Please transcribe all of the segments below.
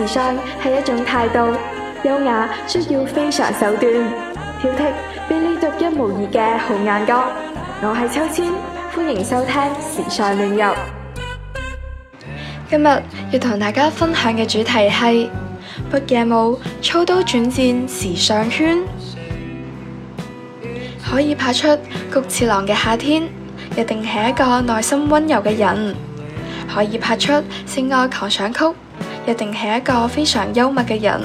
時尚係一種態度，優雅需要非常手段，挑剔，俾你獨一無二嘅好眼光。我係秋千，歡迎收聽時尚亂入。今日要同大家分享嘅主題係：北野武、操刀轉戰時尚圈，可以拍出菊次郎嘅夏天，一定係一個內心温柔嘅人，可以拍出性愛狂想曲。一定係一個非常幽默嘅人，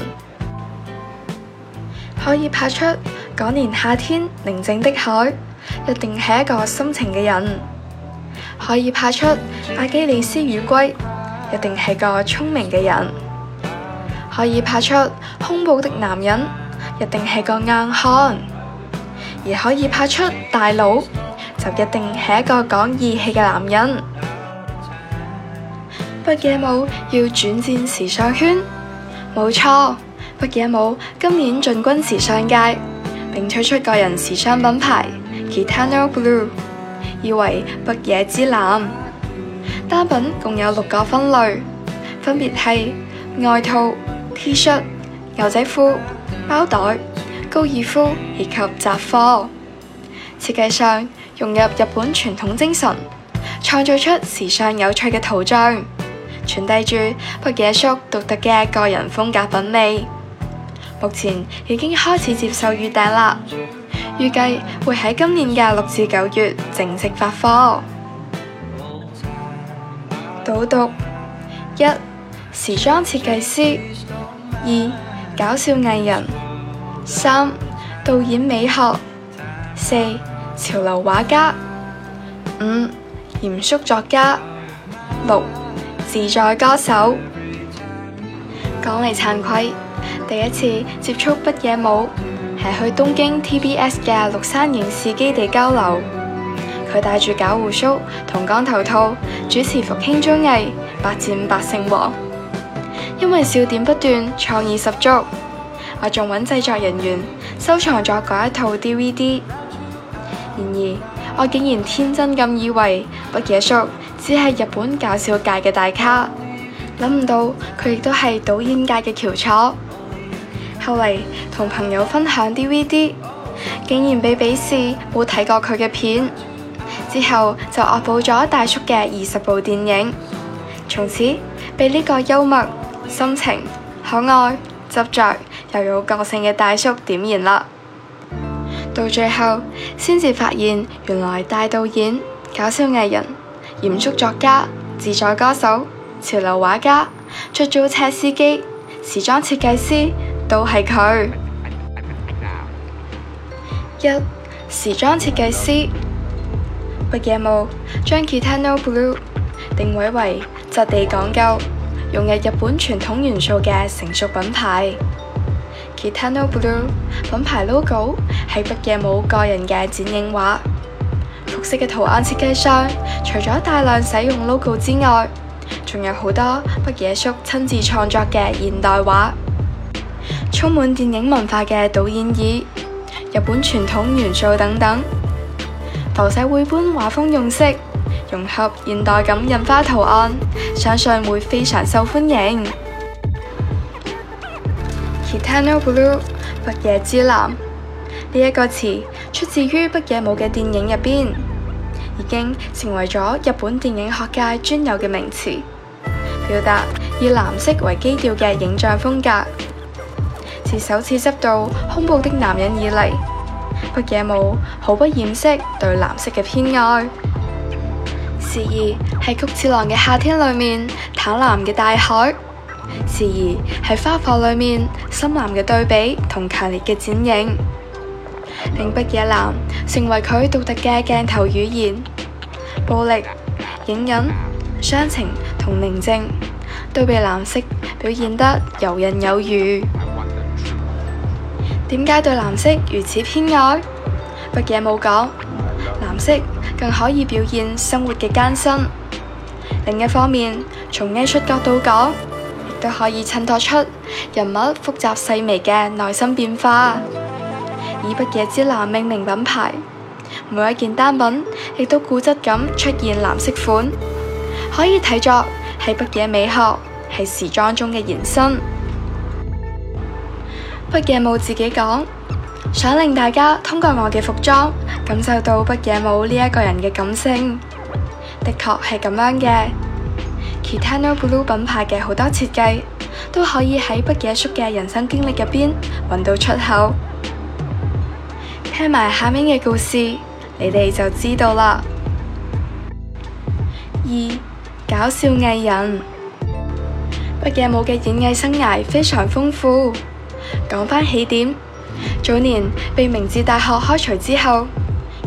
可以拍出嗰年夏天寧靜的海；一定係一個深情嘅人，可以拍出阿基里斯與龜；一定係個聰明嘅人，可以拍出凶暴的男人；一定係個硬漢，而可以拍出大佬，就一定係一個講義氣嘅男人。北野武要轉戰時尚圈？冇錯。北野武今年進軍時尚界，並推出個人時尚品牌 KITANOBLUE，意為北野之藍。單品共有六個分類，分別係外套、T 恤、shirt，牛仔褲、包袋、高爾夫以及雜貨。設計上融入日本傳統精神，創造出時尚有趣嘅圖像。傳遞住北野叔獨特嘅個人風格品味，目前已經開始接受預訂啦，預計會喺今年嘅六至九月正式發貨。導讀 一時裝設計師，二搞笑藝人，三導演美學，四潮流畫家，五嚴肅作家，六，自在歌手，講嚟慚愧，第一次接觸北野武係去東京 TBS 嘅綠山影視基地交流。佢戴住搞鬍鬚同光頭套，主持復興綜藝百戰百勝王，因為笑點不斷，創意十足，我仲揾製作人員收藏咗嗰一套 DVD。然而，我竟然天真咁以為北野叔，只係日本搞笑界嘅大咖，諗唔到佢亦都係導演界嘅翹楚。後嚟同朋友分享 DVD，竟然被鄙視冇睇過佢嘅片。之後就惡補咗大叔嘅二十部電影，從此被呢個幽默、深情、可愛、執着又有個性嘅大叔點燃啦。到最後先至發現，原來大導演、搞笑藝人。嚴肅作家、自在歌手、潮流畫家、出租車司機、時裝設計師，都係佢。一、時裝設計師北野武將 Kitano Blue 定位為質地講究、融入日本傳統元素嘅成熟品牌。Kitano Blue 品牌 logo 係北野武個人嘅剪影畫。色嘅圖案設計上，除咗大量使用 logo 之外，仲有好多北野叔親自創作嘅現代畫、充滿電影文化嘅導演椅、日本傳統元素等等，浮世繪般畫風用色，融合現代感印花圖案，相信會非常受歡迎。KITANOBLUE，北野之藍呢一、這個詞出自於北野武嘅電影入邊。已經成為咗日本電影學界專有嘅名詞，表達以藍色為基調嘅影像風格，自首次執導《凶暴的男人》以來以嚟，北野武毫不掩飾對藍色嘅偏愛。時而係菊次郎嘅夏天裏面淡藍嘅大海，時而係花火裏面深藍嘅對比同強烈嘅剪影，令北野藍成為佢獨特嘅鏡頭語言。暴力、隱忍、傷情同寧靜，都被藍色表現得游刃有餘。點解對藍色如此偏愛？北野冇講，藍色更可以表現生活嘅艱辛。另一方面，從藝術角度講，亦都可以襯托出人物複雜細微嘅內心變化。以北野之藍命名品牌。每一件單品亦都固執咁出現藍色款，可以睇作係北野美學，係時裝中嘅延伸。北野武自己講，想令大家通過我嘅服裝，感受到北野武呢一個人嘅感性。的確係咁樣嘅。Kitano Blue 品牌嘅好多設計，都可以喺北野叔嘅人生經歷入邊，揾到出口。聽埋下面嘅故事。你哋就知道啦。二、搞笑藝人，北野武嘅演藝生涯非常豐富。講返起點，早年被明治大學開除之後，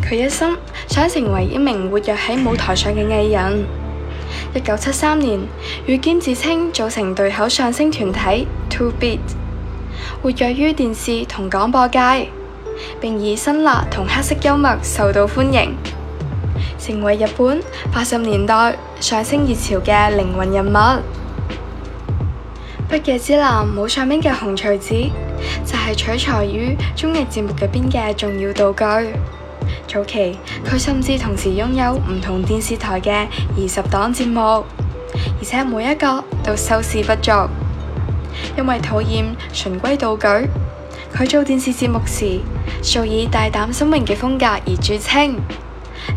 佢一心想成為一名活躍喺舞台上嘅藝人。一九七三年，與兼子清組成對口相聲團體 Two Beat，活躍於電視同廣播界。並以辛辣同黑色幽默受到歡迎，成為日本八十年代上升熱潮嘅靈魂人物。《北野之藍》冇上面嘅紅錘子就係取材於綜藝節目入邊嘅重要道具。早期佢甚至同時擁有唔同電視台嘅二十檔節目，而且每一個都收視不足。因為討厭循規蹈矩，佢做電視節目時，素以大膽新穎嘅風格而著稱，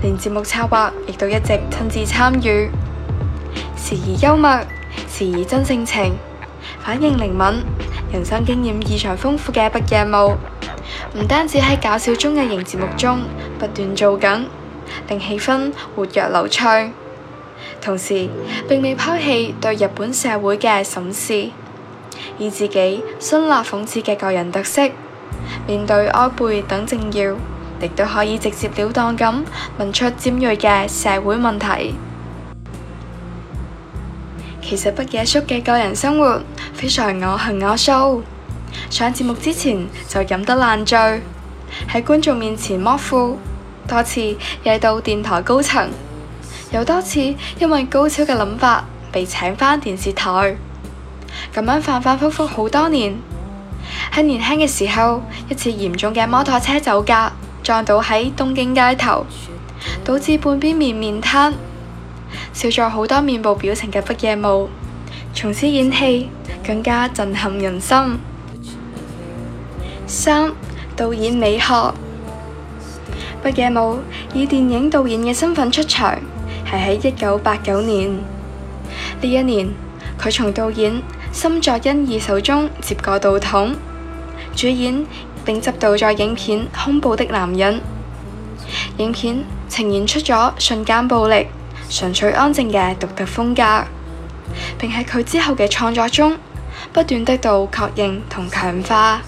連節目策劃亦都一直親自參與，時而幽默，時而真性情，反應靈敏，人生經驗異常豐富嘅北野武，唔單止喺搞笑綜藝型節目中不斷做梗，令氣氛活躍流暢，同時並未拋棄對日本社會嘅審視，以自己辛辣諷刺嘅個人特色。面對哀貝等政要，亦都可以直截了當咁問出尖鋭嘅社會問題。 其實北野叔嘅個人生活非常我行我素，上節目之前就飲得爛醉，喺觀眾面前摸褲，多次惹到電台高層，又多次因為高超嘅諗法被請返電視台，咁樣反反覆覆好多年。喺年輕嘅時候，一次嚴重嘅摩托車酒駕撞到喺東京街頭，導致半邊面面癱，少咗好多面部表情嘅北野武，從此演戲更加震撼人心。三導演美學，北野武以電影導演嘅身份出場係喺一九八九年。呢一年，佢從導演深作欣二手中接過導筒。主演並執導咗影片《恐怖的男人》，影片呈現出咗瞬間暴力、純粹安靜嘅獨特風格，並喺佢之後嘅創作中不斷得到確認同強化。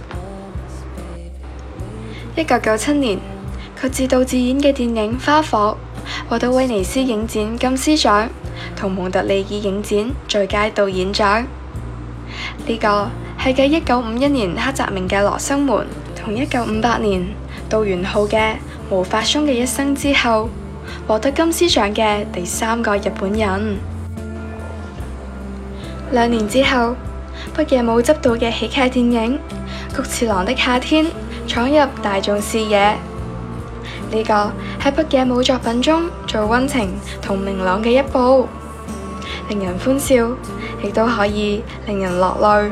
一九九七年，佢自導自演嘅電影《花火》獲得威尼斯影展金獅獎同蒙特利爾影展最佳導演獎。呢、這個。係繼一九五一年黑澤明嘅《羅生門》同一九五八年杜元浩嘅《無法松》嘅一生之後，獲得金獅獎嘅第三個日本人。兩年之後，北野武執導嘅喜劇電影《菊次郎的夏天》闖入大眾視野。呢、這個喺北野武作品中最溫情同明朗嘅一部，令人歡笑，亦都可以令人落淚。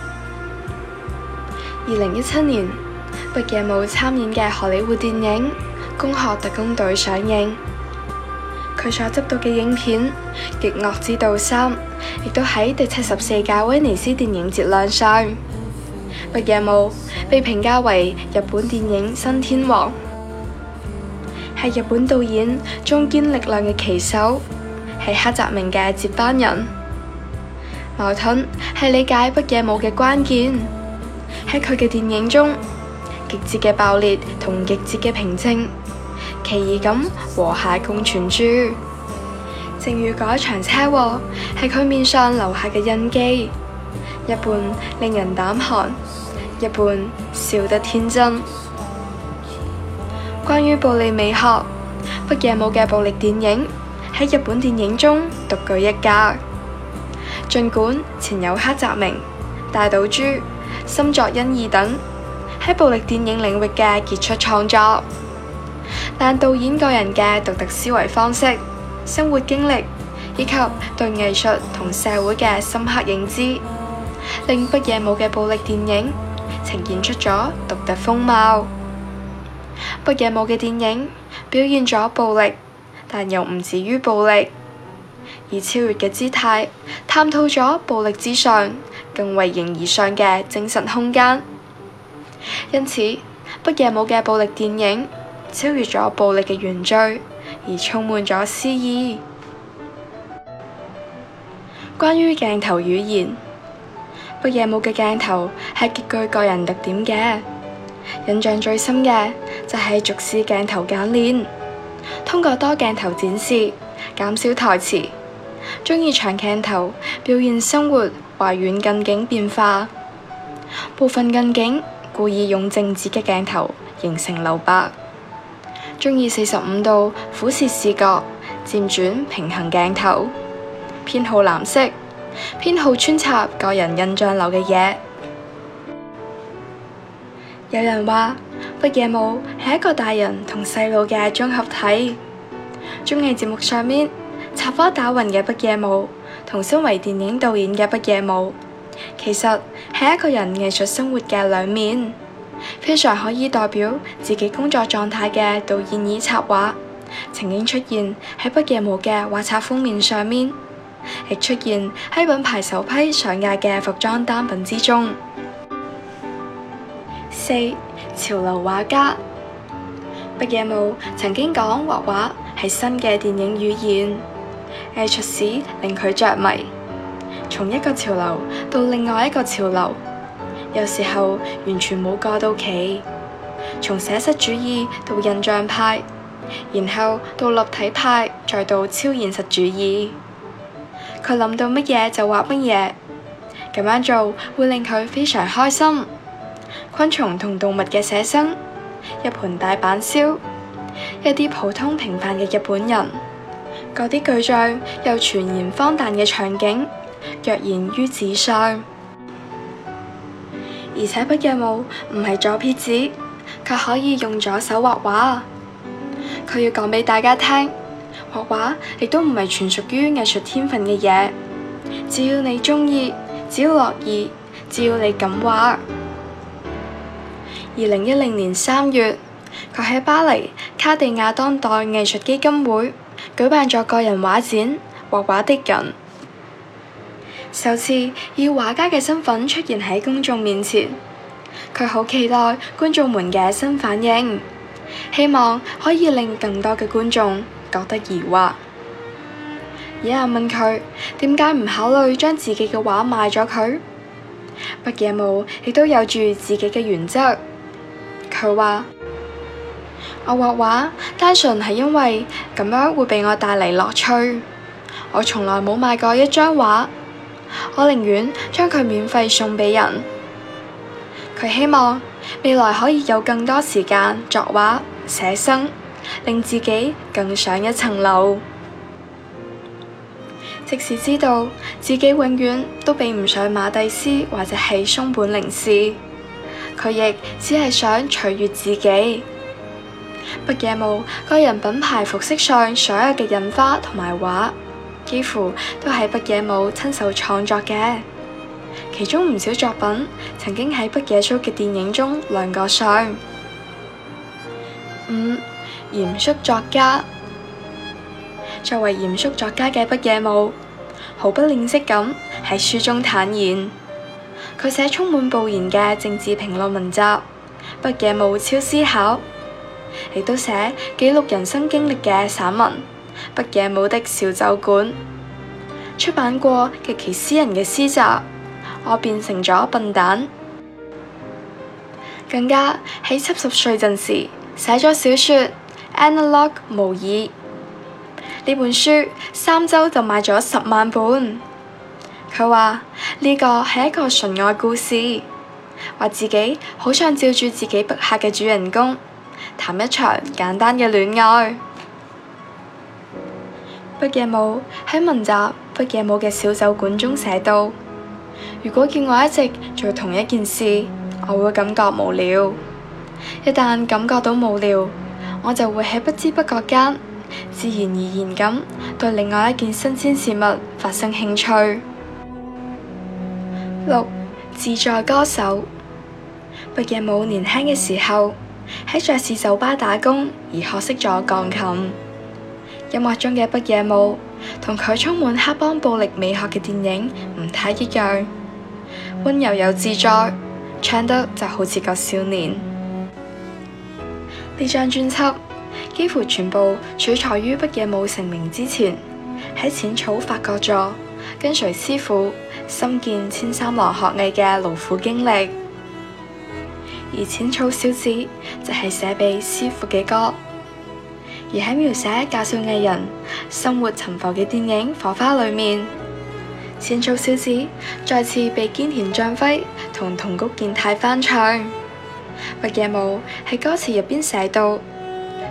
二零一七年，北野武參演嘅《荷里活電影攻殼特工隊》上映，佢所執導嘅影片《極惡之道三》亦都喺第七十四屆威尼斯電影節亮相。北野武被評價為日本電影新天王，係日本導演中堅力量嘅旗手，係黑澤明嘅接班人。矛盾係理解北野武嘅關鍵。喺佢嘅電影中，極致嘅爆裂同極致嘅平靜，奇異咁和諧共存住。正如嗰一場車禍喺佢面上留下嘅印記，一半令人膽寒，一半笑得天真。關於暴力美學，北野武嘅暴力電影喺日本電影中獨具一格。盡管前有黑澤明、大島渚。深作欣二等喺暴力電影領域嘅傑出創作，但導演個人嘅獨特思維方式、生活經歷以及對藝術同社會嘅深刻認知，令北野武嘅暴力電影呈現出咗獨特風貌。北野武嘅電影表現咗暴力，但又唔至於暴力，以超越嘅姿態，探討咗暴力之上，更為形而上嘅精神空間，因此，北野武嘅暴力電影超越咗暴力嘅原罪，而充滿咗詩意。關於鏡頭語言，北野武嘅鏡頭係極具個人特點嘅。印象最深嘅就係逐視鏡頭簡練，通過多鏡頭展示，減少台詞，中意長鏡頭表現生活。懷遠近景變化，部分近景故意用靜止嘅鏡頭形成留白，中意四十五度俯視視角，漸轉平衡鏡頭，偏好藍色，偏好穿插個人印象流嘅嘢。 有人話，北野武係一個大人同細路嘅綜合體。綜藝節目上面插科打諢嘅北野武。同身為電影導演嘅北野武，其實係一個人藝術生活嘅兩面。非常可以代表自己工作狀態嘅導演以插畫曾經出現喺北野武嘅畫冊封面上面，亦出現喺品牌首批上架嘅服裝單品之中。四，潮流畫家，北野武曾經講：畫畫係新嘅電影語言。藝術史令佢着迷，從一個潮流到另外一個潮流，有時候完全冇過渡期。從寫實主義到印象派，然後到立體派，再到超現實主義。佢諗到乜嘢就畫乜嘢，咁樣做會令佢非常開心。昆蟲同動物嘅寫生，一盤大阪燒，一啲普通平凡嘅日本人。嗰啲巨像又全然荒誕嘅場景，躍然於紙上，而且北野武唔係左撇子，卻可以用左手畫畫。佢要講畀大家聽，畫畫亦都唔係全屬於藝術天分嘅嘢，只要你中意，只要樂意，只要你敢畫。二零一零年三月，佢喺巴黎卡地亞當代藝術基金會。舉辦咗個人畫展，畫畫的人首次以畫家嘅身份出現喺公眾面前，佢好期待觀眾們嘅新反應，希望可以令更多嘅觀眾覺得疑惑。有人問佢點解唔考慮將自己嘅畫賣咗佢，北野武亦都有住自己嘅原則，佢話。我畫畫單純係因為咁樣會畀我帶嚟樂趣。我從來冇賣過一張畫，我寧願將佢免費送畀人。佢希望未來可以有更多時間作畫、寫生，令自己更上一層樓。即使知道自己永遠都比唔上馬蒂斯或者係松本零士，佢亦只係想超越自己。北野武個人品牌服飾上所有嘅印花同埋畫，幾乎都係北野武親手創作嘅。其中唔少作品曾經喺北野武嘅電影中亮過相。五、嚴肅作家，作為嚴肅作家嘅北野武，毫不吝嗇咁喺書中坦言，佢寫充滿暴言嘅政治評論文集《北野武超思考》。亦都寫記錄人生經歷嘅散文，《北野武的小酒館》出版過極其私人嘅詩集《我變成咗笨蛋》，更加喺七十歲陣時寫咗小說《Analog 模擬》，呢本書三周就賣咗十萬本。佢話呢個係一個純愛故事，話自己好想照住自己筆下嘅主人公，談一場簡單嘅戀愛。北野武喺文集《北野武嘅小酒館》中寫到：如果見我一直做同一件事，我會感覺無聊。一旦感覺到無聊，我就會喺不知不覺間，自然而然咁對另外一件新鮮事物發生興趣。六，自在歌手。北野武年輕嘅時候。喺爵士酒吧打工，而學識咗鋼琴。音樂中嘅《北野武》同佢充滿黑幫暴力美學嘅電影唔太一樣，溫柔又自在，唱得就好似個少年。呢張專輯幾乎全部取材於《北野武》成名之前喺淺草發覺咗跟隨師傅深見千三郎學藝嘅勞苦經歷。而淺草小子，就係寫畀師傅嘅歌，而喺描寫搞笑藝人生活沉浮嘅電影《火花》裏面，淺草小子再次被菅田將暉同桐谷健太翻唱。北野武喺歌詞入邊寫到，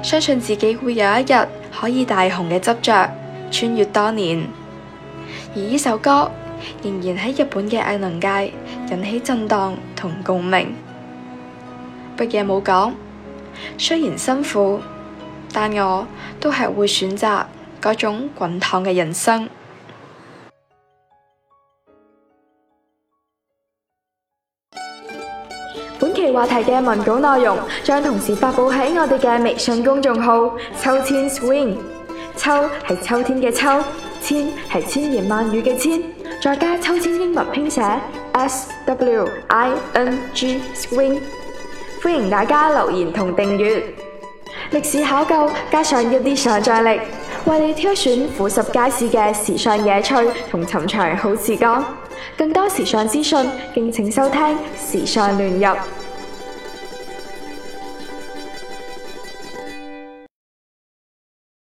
相信自己會有一日可以大紅嘅執着，穿越多年。而呢首歌仍然喺日本嘅藝能界引起震蕩同共鳴。乜嘢冇講？雖然辛苦，但我都係會選擇嗰種滾燙嘅人生。本期話題嘅文稿內容將同時發布喺我哋嘅微信公眾號《秋千 swing》。秋係秋天嘅秋，千係千言萬語嘅千，再加秋千英文拼寫 S-W-I-N-G-Swing。歡迎大家留言同訂閱，歷史考究加上一啲想象力，為你挑選富十街市嘅時尚野趣同尋常好時光。更多時尚資訊，敬請收聽《時尚亂入》。